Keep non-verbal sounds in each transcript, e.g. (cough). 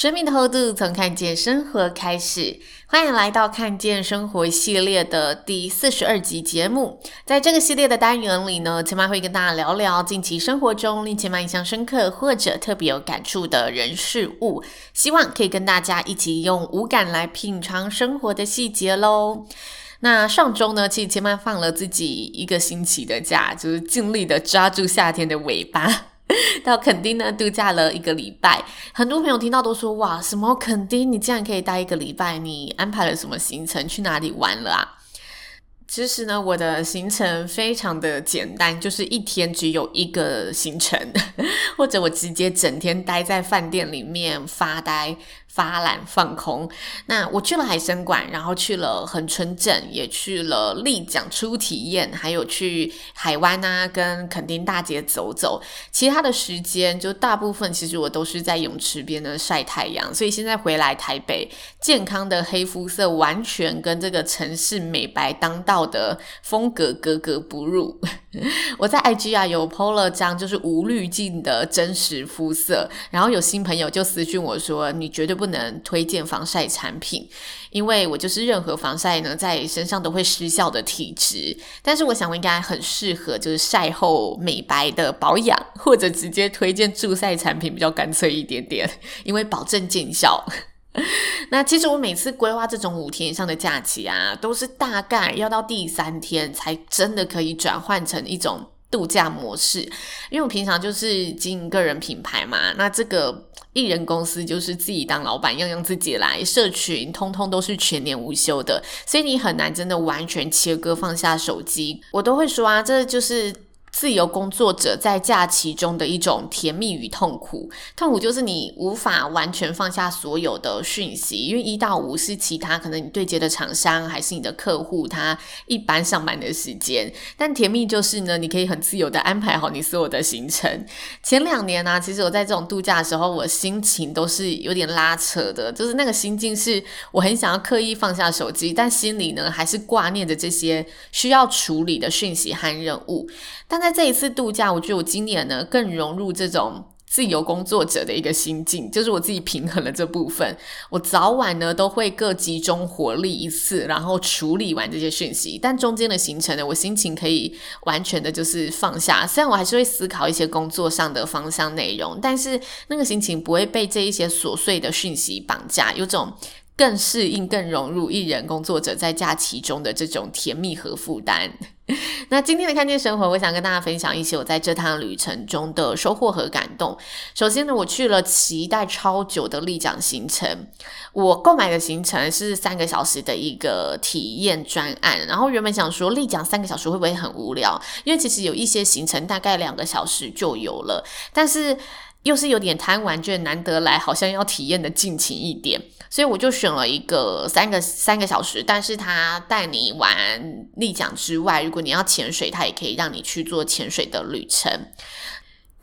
生命的厚度，從看見生活開始。歡迎來到看見生活系列的第四十二集節目。在這個系列的單元裡呢，千嫚會跟大家聊聊近期生活中令千嫚印象深刻或者特別有感觸的人事物，希望可以跟大家一起用五感來品嘗生活的細節嘍。那上周呢，其實千嫚放了自己一個星期的假，就是盡力的抓住夏天的尾巴。到墾丁呢度假了一個禮拜，很多朋友聽到都說：“哇，什麼墾丁？你竟然可以待一個禮拜？你安排了什麼行程？去哪裡玩了啊？”其實呢，我的行程非常的簡單，就是一天只有一個行程，或者我直接整天待在飯店裡面發呆。發懶放空，那我去了海生館，然後去了恆春鎮，也去了立槳初體驗，還有去海灣啊，跟墾丁大街走走。其他的時間就大部分其實我都是在泳池邊呢曬太陽，所以現在回來台北，健康的黑膚色完全跟這個城市美白當道的風格格格不入。我在 IG 啊有 PO 了張就是無濾鏡的真實膚色，然後有新朋友就私訊我說：“你絕對不能推薦防曬產品，因為我就是任何防曬呢在身上都會失效的體質。”但是我想我應該很適合就是曬後美白的保養，或者直接推薦助曬產品比較乾脆一點點，因為保證見效。那其實我每次規劃這種五天以上的假期啊，都是大概要到第三天才真的可以轉換成一種度假模式，因爲我平常就是經營個人品牌嘛，那這個一人公司就是自己當老板，樣樣自己來，社群通通都是全年無休的，所以你很難真的完全切割放下手機。我都會說啊，這就是。自由工作者在假期中的一種甜蜜與痛苦，痛苦就是你無法完全放下所有的訊息，因為一到五是其他可能你對接的廠商還是你的客戶他一般上班的時間。但甜蜜就是呢，你可以很自由地安排好你所有的行程。前兩年呢、啊，其實我在這種度假的時候，我心情都是有點拉扯的，就是那個心境是我很想要刻意放下手機，但心裡呢還是掛念着這些需要處理的訊息和任務，但。但在這一次度假，我覺得我今年呢更融入這種自由工作者的一個心境，就是我自己平衡了這部分。我早晚呢都會各集中火力一次，然後處理完這些訊息。但中間的行程呢，我心情可以完全的，就是放下。雖然我還是會思考一些工作上的方向內容，但是那個心情不會被這一些瑣碎的訊息綁架，有種。更適應、更融入藝人工作者在假期中的這種甜蜜和負擔。 (laughs) 那今天的看見生活，我想跟大家分享一些我在這趟旅程中的收穫和感動。首先呢，我去了期待超久的立槳行程。我購買的行程是三個小時的一個體驗專案。然後原本想說，立槳三個小時會不會很無聊？因為其實有一些行程大概兩個小時就有了，但是。又是有點貪玩，覺得難得來，好像要體驗的盡情一點，所以我就選了一個三個三個小時。但是他帶你玩立槳之外，如果你要潛水，他也可以讓你去做潛水的旅程。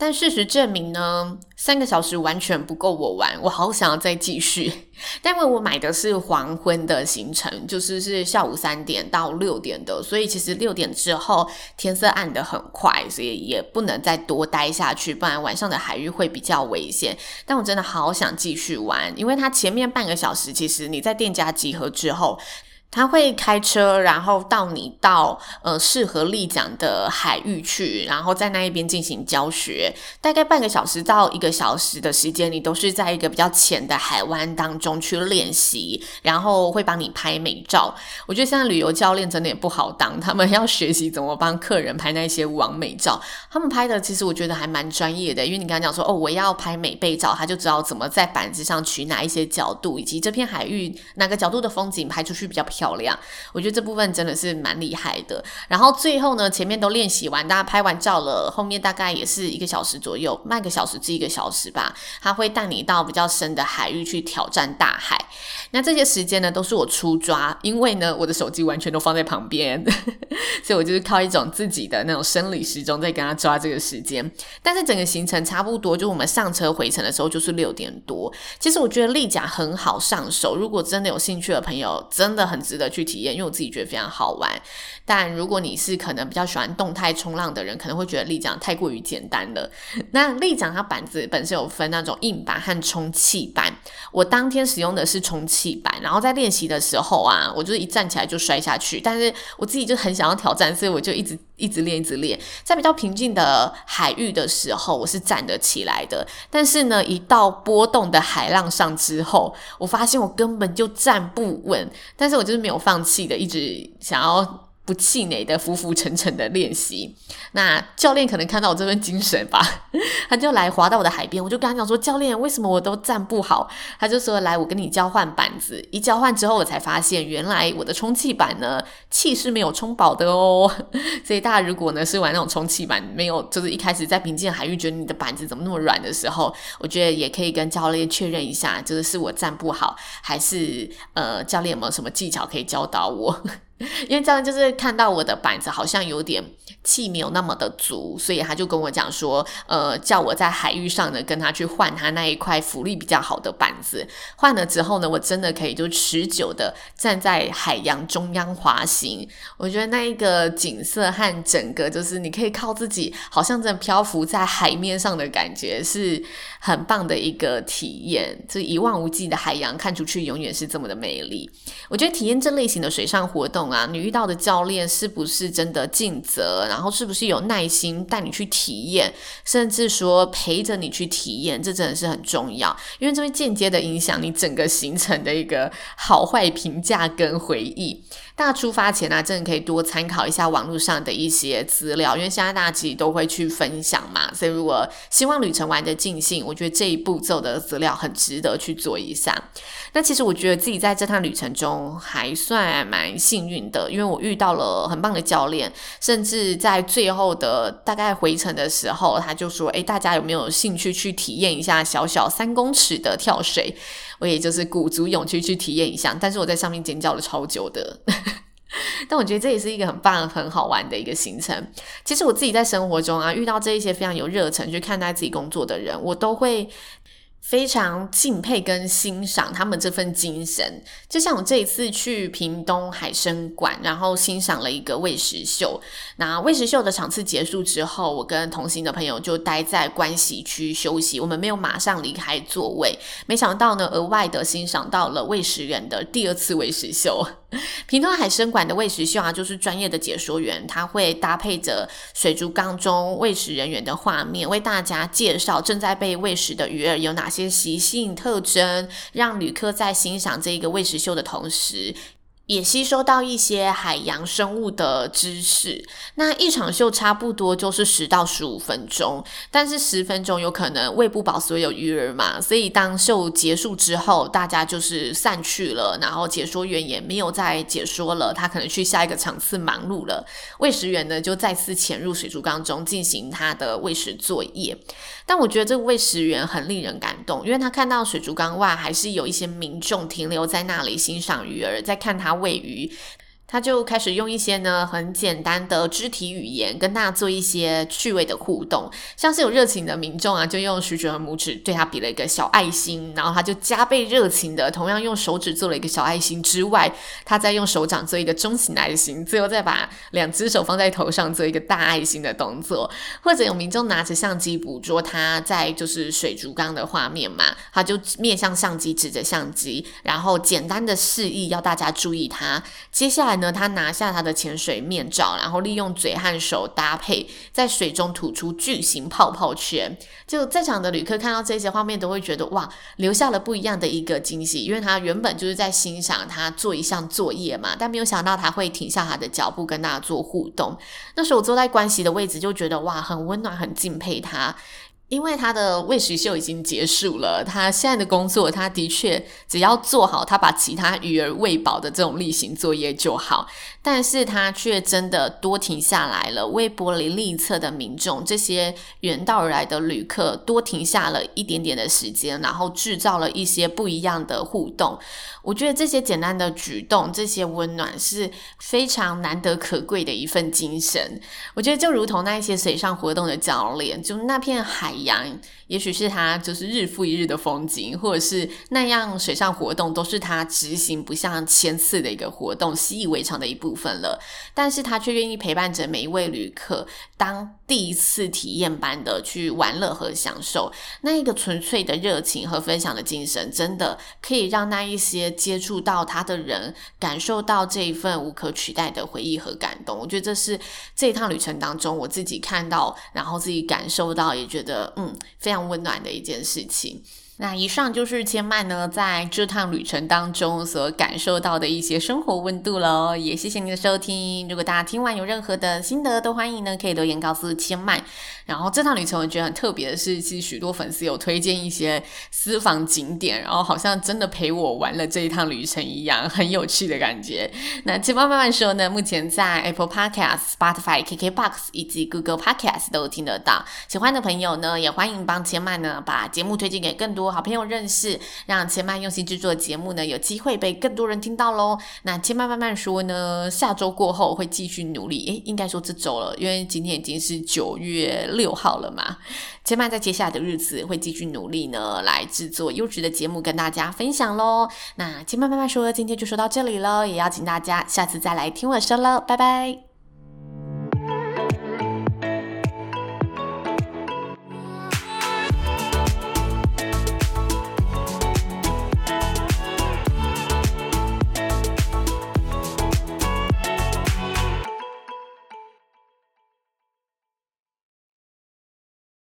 但事實證明呢，三個小時完全不夠我玩，我好想要再繼續。但因為我買的是黃昏的行程，就是是下午三點到六點的，所以其實六點之後天色暗得很快，所以也不能再多待下去，不然晚上的海域會比較危險。但我真的好想繼續玩，因為它前面半個小時，其實你在店家集合之後。他會開車，然後到你到呃適合立槳的海域去，然後在那一邊進行教學。大概半個小時到一個小時的時間，你都是在一個比較淺的海灣當中去練習，然後會幫你拍美照。我覺得現在旅遊教練真的也不好當，他們要學習怎麼幫客人拍那些網美照，他們拍的其實我覺得還蠻專業的。因為你剛才講說哦，我要拍美背照，他就知道怎麼在板子上取哪一些角度，以及這片海域哪個角度的風景拍出去比較漂漂亮，我覺得這部分真的是蠻厲害的。然後最後呢，前面都練習完，大家拍完照了，後面大概也是一個小時左右，半個小時至一個小時吧，他會帶你到比較深的海域去挑戰大海。那這些時間呢，都是我初抓，因為呢，我的手機完全都放在旁邊， (laughs) 所以我就是靠一種自己的那種生理時鐘在跟他抓這個時間。但是整個行程差不多，就我們上車回程的時候就是六點多。其實我覺得立槳很好上手，如果真的有興趣的朋友，真的很值得去體驗，因為我自己覺得非常好玩。但如果你是可能比較喜歡動態衝浪的人，可能會覺得立槳太過於簡單了。那立槳它板子本身有分那種硬板和充氣板，我當天使用的是充氣氣板，然後在練習的時候啊，我就是一站起來就摔下去。但是我自己就很想要挑戰，所以我就一直一直練，一直練。在比較平靜的海域的時候，我是站得起來的。但是呢，一到波動的海浪上之後，我發現我根本就站不穩。但是我就是沒有放棄的，一直想要。不氣餒的浮浮沉沉的練習，那教練可能看到我這份精神吧， (laughs) 他就來滑到我的海邊，我就跟他講說：“教練，為什麼我都站不好？”他就說：“來，我跟你交換板子。”一交換之後，我才發現原來我的充氣板呢氣是沒有充飽的哦。所以大家如果呢是玩那種充氣板，沒有就是一開始在平靜海域覺得你的板子怎麼那麼軟的時候，我覺得也可以跟教練確認一下，就是是我站不好，還是呃教練有沒有什麼技巧可以教導我？因為這樣就是看到我的板子好像有點氣沒有那麼的足，所以他就跟我講說，呃，叫我在海域上呢跟他去換他那一塊浮力比較好的板子。換了之後呢，我真的可以就持久的站在海洋中央滑行。我覺得那一個景色和整個就是你可以靠自己，好像在漂浮在海面上的感覺是很棒的一個體驗。這一望無際的海洋看出去永遠是這麼的美麗。我覺得體驗這類型的水上活動，啊，你遇到的教練是不是真的盡責？然後是不是有耐心帶你去體驗，甚至說陪着你去體驗？這真的是很重要，因為這會間接的影響你整個行程的一個好壞評價跟回憶。大家出發前呢，真的可以多參考一下網絡上的一些資料，因為現在大家其實都會去分享嘛。所以如果希望旅程玩得盡興，我覺得這一步驟的資料很值得去做一下。那其實我覺得自己在這趟旅程中還算蠻幸運的，因為我遇到了很棒的教練，甚至在最後的大概回程的時候，他就說：“誒、欸，大家有沒有興趣去體驗一下小小三公尺的跳水？”我也就是鼓足勇氣去體驗一下，但是我在上面尖叫了超久的。 (laughs) 但我覺得這也是一個很棒、很好玩的一個行程。其實我自己在生活中啊，遇到這一些非常有熱忱去看待自己工作的人，我都會。非常敬佩跟欣賞他們這份精神，就像我這一次去屏東海生館，然後欣賞了一個餵食秀。那餵食秀的場次結束之後，我跟同行的朋友就待在觀眾席區休息，我們沒有馬上離開座位。沒想到呢，額外的欣賞到了餵食員的第二次餵食秀。屏東海生館的餵食秀啊，就是專業的解說員，他會搭配着水族缸中餵食人員的畫面，為大家介紹正在被餵食的魚兒有哪些習性特徵，讓旅客在欣賞這個餵食秀的同時，也吸收到一些海洋生物的知識。那一場秀差不多就是十到十五分鐘，但是十分鐘有可能餵不飽所有魚兒嘛，所以當秀結束之後，大家就是散去了，然後解說員也沒有再解說了，他可能去下一個場次忙碌了。餵食員呢，就再次潛入水族缸中進行他的餵食作業。但我覺得這個餵食員很令人感動，因為他看到水族缸外還是有一些民眾停留在那裡欣賞魚兒，在看他餵魚。他就開始用一些呢很簡單的肢體語言跟大家做一些趣味的互動，像是有熱情的民眾啊，就用食指和拇指對他比了一個小愛心，然後他就加倍熱情的，同樣用手指做了一個小愛心之外，他再用手掌做一個中型愛心，最後再把兩隻手放在頭上做一個大愛心的動作，或者有民眾拿着相機捕捉他在就是水族缸的畫面嘛，他就面向相機指着相機，然後簡單的示意要大家注意他，接下來。呢，他拿下他的潛水面罩，然後利用嘴和手搭配，在水中吐出巨型泡泡圈。就在場的旅客看到這些畫面，都會覺得哇，留下了不一樣的一個驚喜。因為他原本就是在欣賞他做一項作業嘛，但沒有想到他會停下他的腳步，跟大家做互動。那時候我坐在觀席的位置，就覺得哇，很溫暖，很敬佩他。因為他的餵食秀已經結束了，他現在的工作，他的確只要做好他把其他魚兒餵飽的這種例行作業就好。但是他卻真的多停下來了，為玻璃另一側的民眾，這些遠道而來的旅客多停下了一點點的時間，然後製造了一些不一樣的互動。我覺得這些簡單的舉動，這些溫暖是非常難得可貴的一份精神。我覺得就如同那一些水上活動的教練，就那片海。一樣，也許是他就是日復一日的風景，或者是那樣水上活動，都是他執行不下千次的一個活動，習以為常的一部分了。但是他卻願意陪伴着每一位旅客，當第一次體驗般的去玩樂和享受那一個純粹的熱情和分享的精神，真的可以讓那一些接觸到他的人感受到這一份無可取代的回憶和感動。我覺得這是這一趟旅程當中，我自己看到，然後自己感受到，也覺得。嗯，非常溫暖的一件事情。那以上就是千嫚呢在這趟旅程當中所感受到的一些生活溫度了，也謝謝您的收聽。如果大家聽完有任何的心得，都歡迎呢可以留言告訴千嫚。然後這趟旅程我覺得很特別的是，其實許多粉絲有推薦一些私房景點，然後好像真的陪我玩了這一趟旅程一樣，很有趣的感覺。那千嫚慢慢說呢，目前在 Apple Podcast、Spotify、KKBox 以及 Google Podcast 都聽得到。喜歡的朋友呢，也歡迎幫千嫚呢把節目推薦給更多。好朋友認識，讓千嫚用心製作的節目呢，有機會被更多人聽到嘍。那千嫚慢，慢慢說呢，下週過後會繼續努力，哎，應該說這週了，因為今天已經是九月六號了嘛。千嫚在接下來的日子會繼續努力呢，來製作優質的節目跟大家分享嘍。那千嫚慢，慢慢說，今天就說到這裡嘍，也邀請大家下次再來聽我說嘍，拜拜。